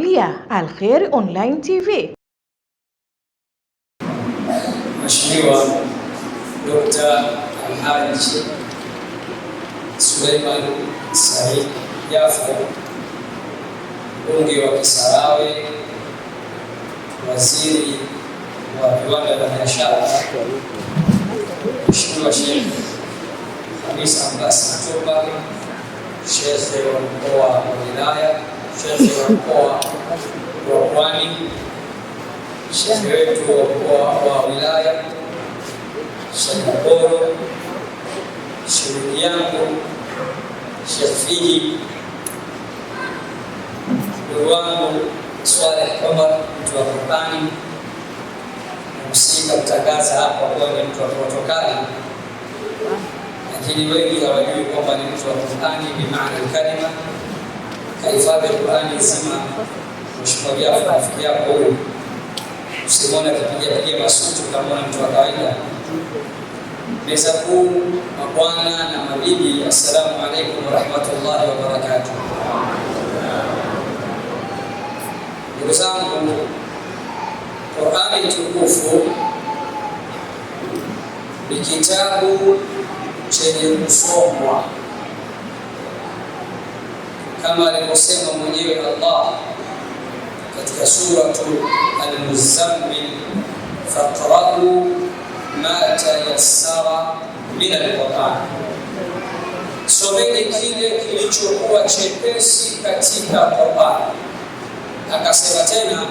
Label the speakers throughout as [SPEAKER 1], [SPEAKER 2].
[SPEAKER 1] kufuatilia Alkhair Online TV.
[SPEAKER 2] Mheshimiwa Dr. Alhaji Suleiman Said Jafo, mbunge wa Kisarawe, waziri wa viwanda vya biashara, Mheshimiwa Sheikh Hamisa Abbas Matoba, shehe wa mkoa wa wilaya mshazi wa mkoa wa Pwani, mshazi wetu wa mkoa wa wilaya Shakaboro, shughuli yangu Shafii wangu Swaleh Omar, mtu wa Kokani msika kutangaza hapa kuwa ni mtu wa Kotokani, lakini wengi hawajui kwamba ni mtu wa Kokani bimaana kalima kahifadhi Qurani nzima. Mheshimiwa rafiki yako huyu, usimwone akipigapiga masuti ukamwona mtu wa kawaida. Meza kuu, mabwana na mabibi, assalamu alaikum warahmatullahi wabarakatuh. Ndugu zangu, Qurani tukufu ni kitabu chenye kusomwa kama alivyosema mwenyewe Allah katika suratu Al-Muzammil, faqra'u ma tayassara min al-Qur'an, someni kile kilichokuwa chepesi katika Qur'an. Akasema tena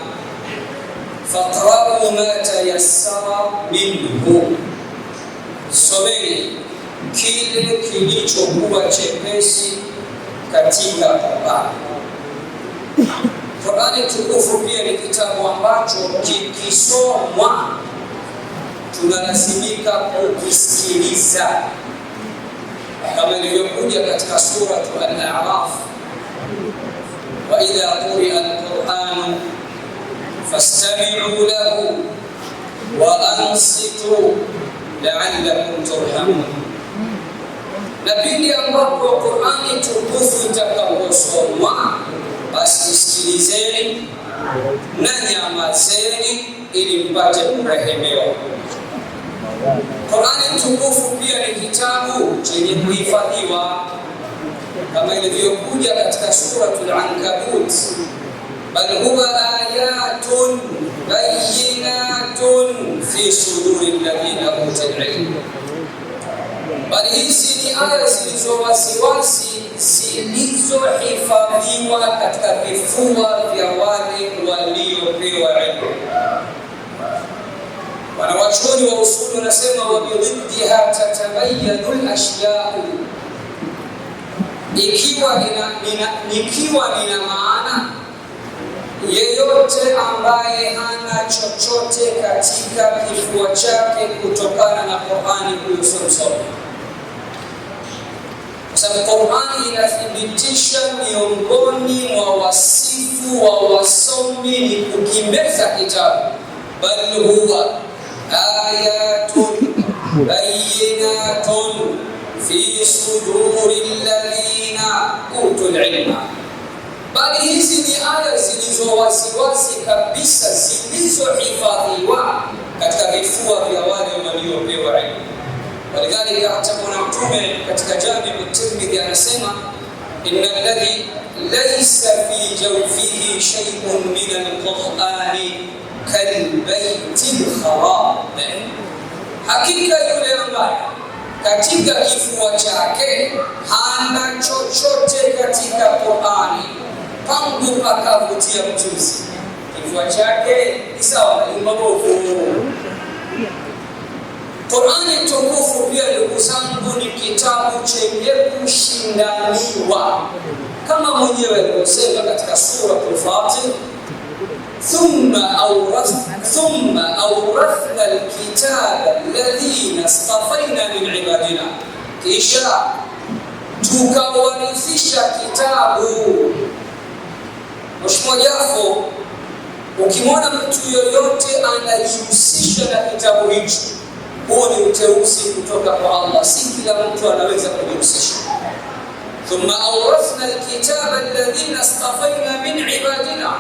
[SPEAKER 2] faqra'u ma tayassara minhu, someni kile kilichokuwa chepesi katika Qur'an. Qur'ani tukufu pia ni kitabu ambacho kikisomwa tunalazimika kukisikiliza, kama ilivyokuja katika suratu Al-A'raf, wa idha quri'a al-Qur'anu fastami'u lahu wa ansitu la'allakum turhamun na pindi ambapo Qur'ani tukufu itakaposomwa, basi sikilizeni na nyamazeni ili mpate kurehemewa. Qur'ani tukufu pia ni kitabu chenye kuhifadhiwa kama ilivyokuja katika Suratul Ankabut, bal huwa ayatun bayyinatun fi suduril ladina utul bali hizi ni aya zilizo wasiwasi, zilizohifadhiwa katika vifua vya wale waliopewa ilmu. Wanawachuoni wa usuli wanasema, wabididdiha tatabayanu lashyau, ikiwa nina maana yeyote ambaye hana chochote katika kifua chake kutokana na Qur'ani, huyo si msomi kwa sababu Qur'ani inathibitisha miongoni mwa wasifu wa wasomi ni kukimeza kitabu, bal huwa ayatun bayinatun fi suduri alladhina utul ilma, bali hizi ni aya zilizo waziwazi kabisa zilizohifadhiwa katika vifua vya wale waliopewa Walidhalika hata kuna mtume katika jamiu Tirmidhi anasema inna alladhi laysa fi jawfihi shay'un min alqur'ani kalbaiti lkharam, hakika yule ambaye katika kifua chake hana chochote katika Qur'ani, pangu pakavutia mchuzi. Kifua chake ni sawa na nyumba bovu. Qurani tukufu pia, ndugu zangu, ni kitabu chenye kushindaniwa kama mwenyewe alivyosema katika sura Fatir, thumma awrathna alkitaba alladhina stafaina min ibadina, kisha tukawarithisha kitabu. Mheshimiwa Jafo, ukimwona mtu yoyote anajihusisha na kitabu hicho huu ni uteuzi kutoka kwa Allah, si kila mtu anaweza kujihusisha. Thumma awrathna alkitaba alladhina astafaina min ibadina,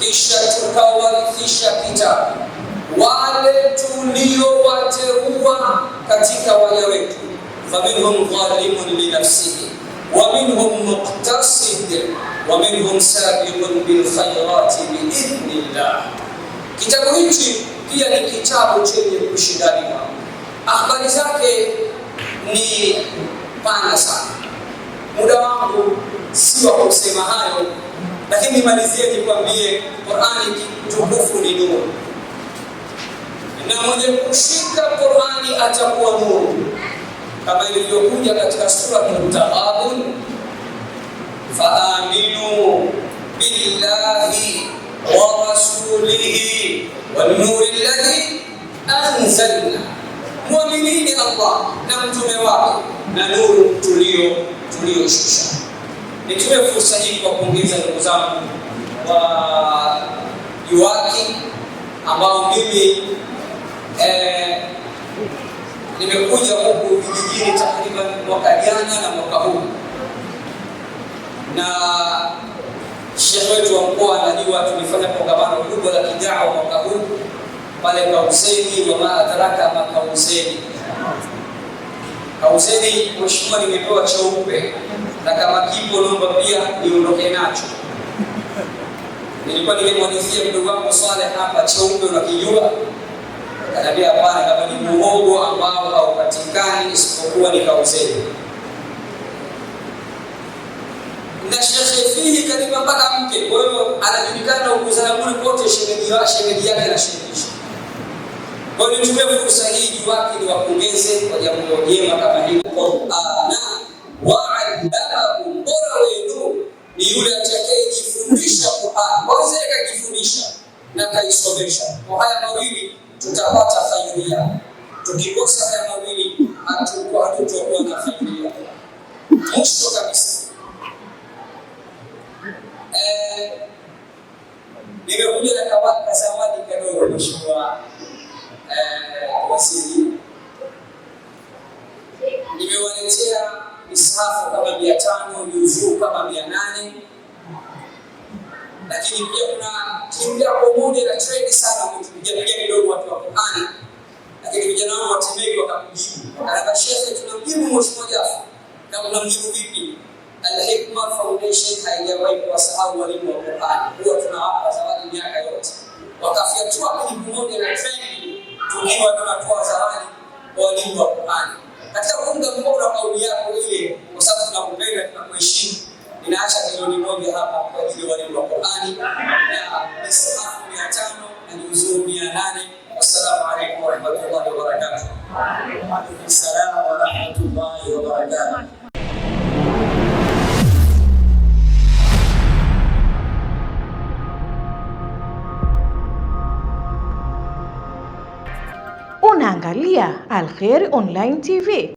[SPEAKER 2] kisha tukawarithisha kitabu wale tuliowateua katika waja wetu. Faminhum dhalimun linafsihi wa minhum muqtasid wa minhum sabiqun bilkhairati biidhnillah. Kitabu hichi pia ni kitabu chenye kushindaniwa. Habari zake ni pana sana, muda wangu si wa kusema hayo, lakini nimalizie nikwambie Qurani tukufu ni nuru, na mwenye kushika Qurani atakuwa nuru, kama ilivyokuja katika sura Taghabun, faaminu billahi warasulihi wanuri lladhi anzalna, mwaminini Allah na mtume wake na nuru tulio tulioshusha. Nitumie fursa hii kuwapongeza ndugu zangu wa Iwaki ambao mimi eh, nimekuja huku vijijini takriban mwaka jana na mwaka huu na Sheikh wetu wa mkoa anajua, tulifanya kongamano kubwa la kidawa mwaka huu pale Kauseni, wama adraka ma Kauseni. Kauseni mheshimiwa, nimepewa cheupe na kama kipo naomba pia niondoke nacho. Nilikuwa nimemwanifia mdogo wangu Swale hapa, cheupe unakijua? Akaniambia hapana, kama ni muhogo ambao haupatikani isipokuwa ni Kauseni. na shekhefihi karibu mpaka mke. Kwa hiyo anajulikana ukuzanabuni pote, shemeji yake anashirikisha. Kwa hiyo nitumie fursa hii juwake ni wapongeze kwa jambo jema kama hili. Qur'ana ah, waaddabakum, bora wenu ni yule atakayejifundisha Qur'an, kwanza akajifundisha na kaisomesha. Kwa haya mawili tutapata khairia, tukikosa haya mawili hatutokuwa na khairia. Mwisho kabisa mpaka samadi kidogo, Mheshimiwa Waziri, nimewaletea misahafu kama mia tano juzuu kama mia nane lakini pia kuna timu yako moja na trendi sana kutupigapiga kidogo watu wa Qur'ani, lakini vijana wangu watemeki wakakujibu anabasheshe, tunamjibu Mheshimiwa Jafo na unamjibu vipi? Al Hikma Foundation haijawahi kuwasahau walimu wa Qur'ani, huwa tunawapa zawadi miaka yote wakafyatua pingu moja na treni, tukiwa tunatoa zawadi kwa walimu wa kuhani. Katika kuunga mkono kauli yako ile, kwa sababu tunakupenda, tunakuheshimu, ninaacha milioni moja hapa kwa ajili ya walimu wa Qur'ani na mistaafu mia tano na juzuu mia nane. Wassalamu alaikum warahmatullahi wabarakatuh. Salamu warahmatullahi wabarakatuh. خليها الخير اونلاين تي في